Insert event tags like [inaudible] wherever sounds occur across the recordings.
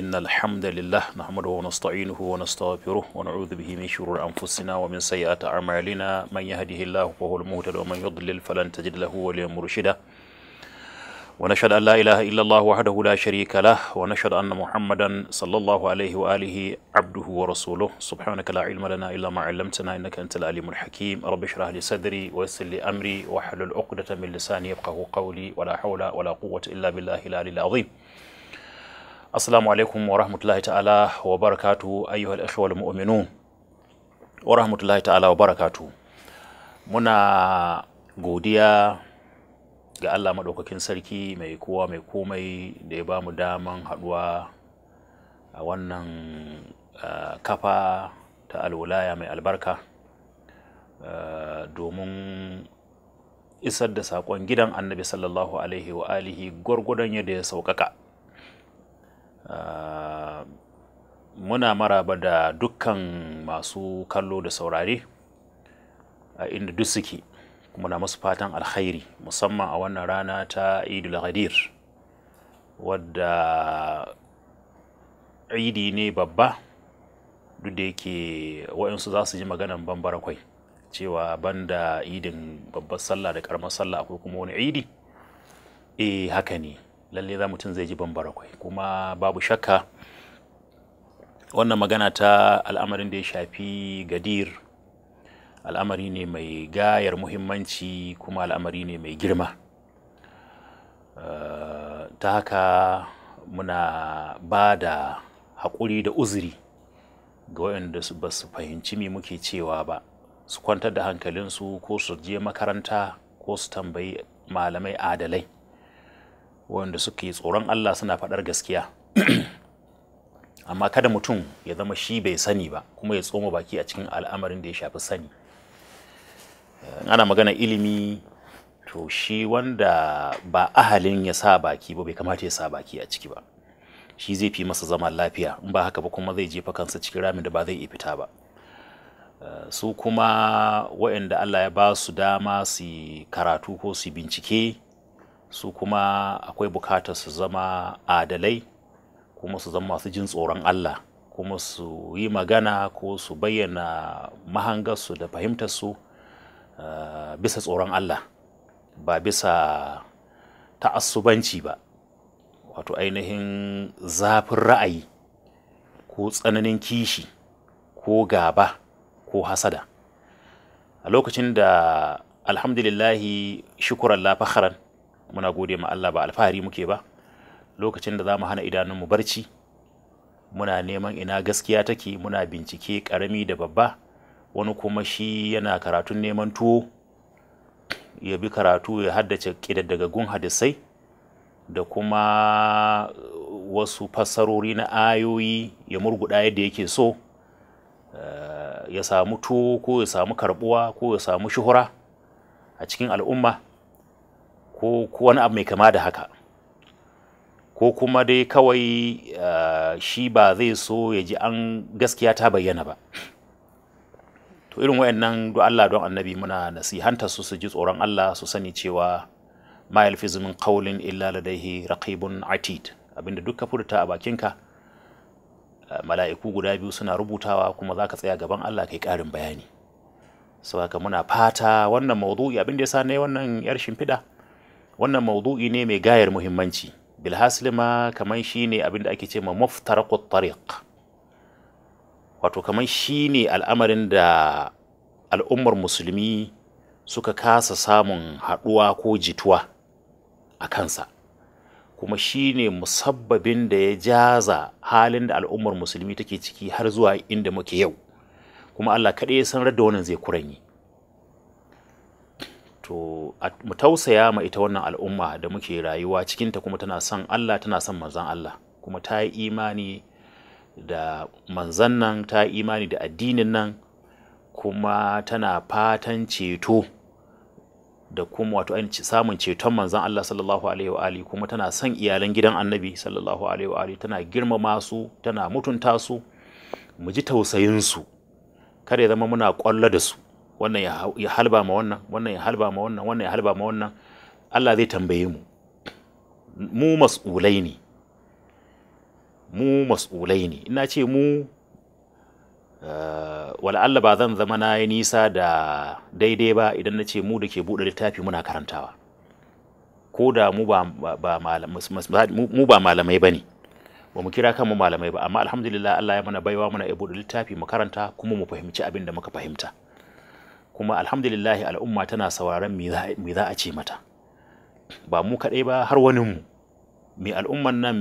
إن الحمد لله نحمده ونستعينه ونستغفره ونعوذ به من شرور أنفسنا ومن سيئات أعمالنا من يهده الله فهو المهتد ومن يضلل فلن تجد له وليا مرشدا ونشهد أن لا إله إلا الله وحده لا شريك له ونشهد أن محمدا صلى الله عليه وآله عبده ورسوله سبحانك لا علم لنا إلا ما علمتنا إنك أنت العليم الحكيم رب اشرح لي صدري ويسر لي أمري واحلل عقدة من لساني يفقه قولي ولا حول ولا قوة إلا بالله العلي العظيم assalamu alaikum wa rahmatullahi ta'ala wa barakatu ayyuhal ikhwal mu'minun wa rahmatullahi ta'ala wa barakatu muna godiya ga Allah maɗaukakin sarki mai kowa mai komai da ya ba mu daman haɗuwa a wannan kafa ta alwulaya mai albarka domin isar da saƙon gidan annabi sallallahu alaihi wa alihi gwargwadon yadda ya sauƙaƙa muna maraba da dukkan masu kallo da saurare a inda duk suke kuma na musu fatan alkhairi musamman a wannan rana ta idul ghadir wadda idi ne babba duk da yake waɗansu za su ji maganan bambara kwai cewa banda idin babbar sallah da karamar sallah akwai kuma wani idi eh haka ne lalle za mutum zai ji bambara kwai kuma babu shakka wannan magana ta al'amarin da ya shafi gadir al'amari ne mai gayar muhimmanci kuma al'amari ne mai girma uh, ta haka muna ba da haƙuri da uzuri ga waɗanda ba su fahimci me muke cewa ba su kwantar da hankalinsu ko su je makaranta ko su tambayi malamai adalai wanda suke tsoron Allah suna faɗar gaskiya [clears throat] amma kada mutum ya zama shi bai sani ba kuma ya tsoma baki a cikin al'amarin da ya shafi sani eh, ana magana ilimi to shi wanda ba ahalin ya sa baki ba bai kamata ya sa baki a ciki ba shi zai fi masa zama lafiya in ba haka ba kuma zai jefa kansa cikin ramin da ba zai iya fita ba eh, su kuma waɗanda Allah ya ba su dama su karatu ko su bincike su kuma akwai bukatar su zama adalai kuma su zama masu jin tsoron Allah kuma su yi magana ko su bayyana mahangarsu da fahimtarsu eh, bisa tsoron Allah ba bisa ta'assubanci ba wato ainihin zafin ra'ayi ko tsananin kishi ko gaba ko hasada a lokacin da alhamdulillahi shukuran lafaharan muna gode ma Allah ba alfahari muke ba lokacin da za mu hana mu barci muna neman ina gaskiya take muna bincike karami da babba wani kuma shi yana karatun neman tuwo ya bi karatu ya haddace daga ƙidaddagagun hadisai da kuma wasu fassarori na ayoyi ya murguda yadda yake so eh, ya samu tuwo ko ya samu karbuwa ko ya samu shuhura a cikin al'umma ko wani abu mai kama da haka ko kuma dai kawai eh, shi ba zai so ya ji an gaskiya ta bayyana ba to irin nan do Allah don annabi muna nasihanta su su ji tsoron Allah su sani cewa ma yalfizu min qaulin illa ladaihi raqibun atid abinda duk ka furta a bakinka eh, mala'iku guda biyu suna rubutawa kuma za ka tsaya gaban Allah kai karin bayani saboda muna fata wannan maudu'i abinda da ya sa ne wannan yar shimfiɗa wannan maudu'i ne mai gayar muhimmanci bilhasli ma kamar shine abin da ake ce ma muftaraqut tariq wato kamar shi ne al'amarin da al'ummar musulmi suka kasa samun haɗuwa ko jituwa a kansa kuma shi shine musabbabin da ya jaza halin da al'ummar musulmi take ciki har zuwa inda muke yau kuma Allah kaɗai ya san da wannan zai kuranyi To mu tausaya ma ita wannan al'umma da muke rayuwa cikinta kuma tana son Allah tana son manzan Allah kuma ta yi imani da manzan nan ta yi imani da addinin nan kuma tana fatan ceto da kuma wato ainihin samun ceton manzan Allah sallallahu alaihi wa ali kuma tana son iyalan gidan annabi sallallahu alaihi wa ali tana girmama su tana mutunta su mu ji tausayin su kada ya zama muna kwallo da su wannan ya halba ma wannan wannan ya halba ma wannan wannan ya halba ma wannan Allah zai tambaye mu mu mas'ulai ne mu mas'ulai ne ina ce mu eh, wala Allah ba zan zama na yi nisa da daidai ba idan na ce mu da ke buɗe littafi muna karantawa ko da mu ba malamai ba ne ba mu kira kanmu malamai ba amma alhamdulillah Allah ya mana baiwa muna ya buɗe littafi mu karanta kuma mu fahimci abin da muka fahimta kuma alhamdulillahi al'umma tana sauraron me za a ce mata ba mu kaɗai ba har wani mu me al'umman nan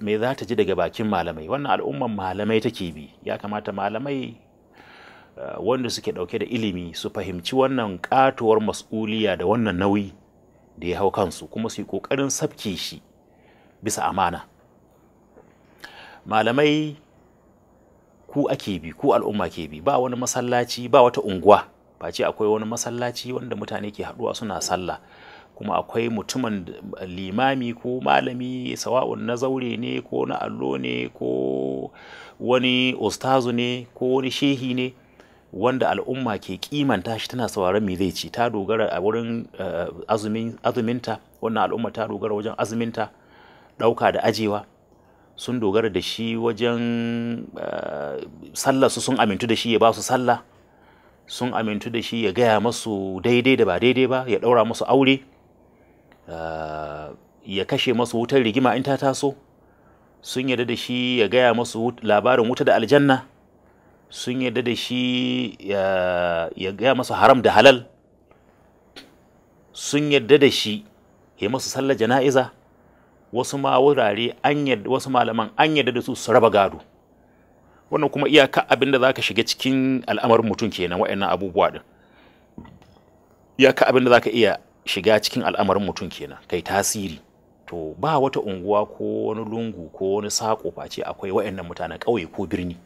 me za ta ji daga bakin malamai wannan al'umman malamai take bi ya kamata malamai eh, wanda suke ɗauke da ilimi su fahimci wannan katuwar mas'uliya da wannan nauyi da ya hau kansu kuma su yi ƙoƙarin sabke shi bisa amana malamai ku ake bi ku al'umma ke bi ba wani masallaci ba wata unguwa face akwai wani masallaci wanda mutane ke haduwa suna sallah kuma akwai mutumin limami ko malami sawa'un na zaure ne ko na allo ne ko wani ustazu ne ko wani shehi ne wanda al'umma ke kimanta shi tana sauraron me zai ci ta dogara a wurin eh, azuminta wannan al'umma ta dogara wajen azuminta ɗauka da ajewa sun dogara da shi wajen eh, sallah su sun amintu da shi ya ba su sallah sun amintu da shi ya gaya masu daidai da ba daidai ba ya ɗaura masu aure eh, ya kashe masu wutar rigima in ta taso sun yarda da shi ya gaya masu labarin wuta da aljanna sun yarda da shi ya gaya masu haram da halal sun yarda da shi ya masu sallar jana'iza wasu ma wurare wasu malaman an yarda da su su raba gado wannan kuma iyaka abin da zaka shiga cikin al'amarin mutum kenan wa'annan abubuwa din iyaka abin da zaka iya shiga cikin al'amarin mutum kenan kai tasiri to ba wata unguwa ko wani lungu ko wani sako face akwai wa'annan mutanen ƙauye ko birni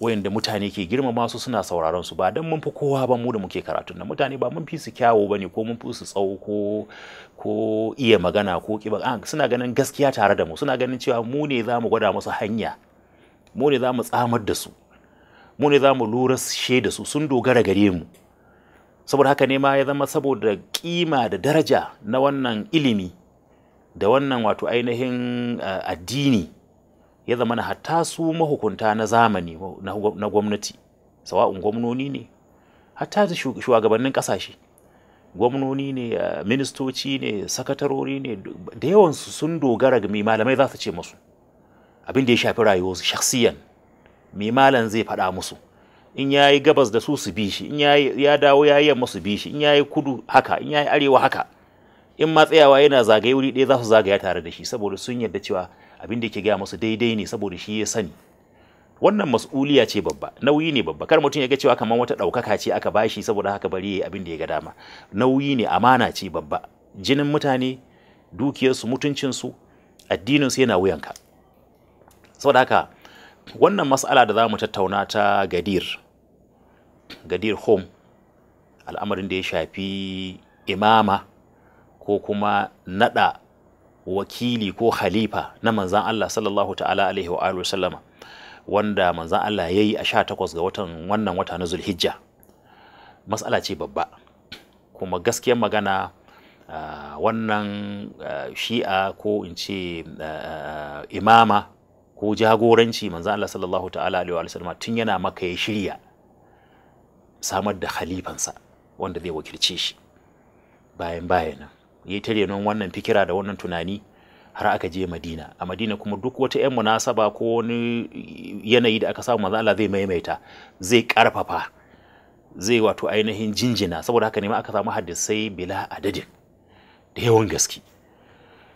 wayanda mutane ke girmama su suna sauraron su ba dan mun fi kowa ba mu da muke karatun nan mutane ba mun fi su kyawo bane ko mun fi su tsawo ko ko iya magana ko kiba suna ganin gaskiya tare da mu suna ganin cewa mu ne zamu gwada musu hanya mu ne za mu tsamar da su mu ne za mu lura da su sun dogara gare mu saboda haka ne ma ya zama saboda kima da daraja na wannan ilimi da wannan wato ainihin eh, addini ya zama na hatta su mahukunta na zamani na gwamnati sawa'un gwamnoni ne hatta da shugabannin kasashe gwamnoni ne eh, ministoci ne sakatarori ne da yawansu sun dogara ga malamai za su ce masu abin da ya shafi rayuwarsu shakhsiyan me malam zai faɗa musu in ya yi gabas da su su bi shi in ya dawo ya yi yamma su bi shi in ya yi kudu haka in ya yi arewa haka in ma tsayawa yana zagaye wuri ɗaya za su zagaya tare da shi saboda sun yarda cewa abin da yake gaya musu daidai ne saboda shi ya sani wannan mas'uliya ce babba nauyi ne babba kar mutum ya ga cewa kamar wata ɗaukaka ce aka bashi saboda haka bari ya yi abin da ya ga dama nauyi ne amana ce babba jinin mutane dukiyarsu mutuncinsu addininsu yana wuyanka saboda haka wannan matsala da za mu tattauna ta gadir gadir home al'amarin da ya shafi imama ko kuma nada wakili ko halifa na manzan Allah sallallahu ta'ala alaihi wa sallama wanda manzan Allah ya yi a sha takwas ga watan wannan wata na zulhijja matsala ce babba kuma gaskiyar magana ah, wannan ah, shi'a ko in ce ah, imama ko jagoranci manzo Allah sallallahu ta'ala alaihi wa sallam tun yana maka ya shirya samar da khalifansa wanda zai wakilce shi bayan bayan yayi tare renon wannan fikira da wannan tunani har aka je Madina a Madina kuma duk wata yan munasaba ko wani yanayi da aka samu manzo Allah zai maimaita zai karfafa zai wato ainihin jinjina saboda haka ne ma aka samu hadisai bila adadin da yawan gaske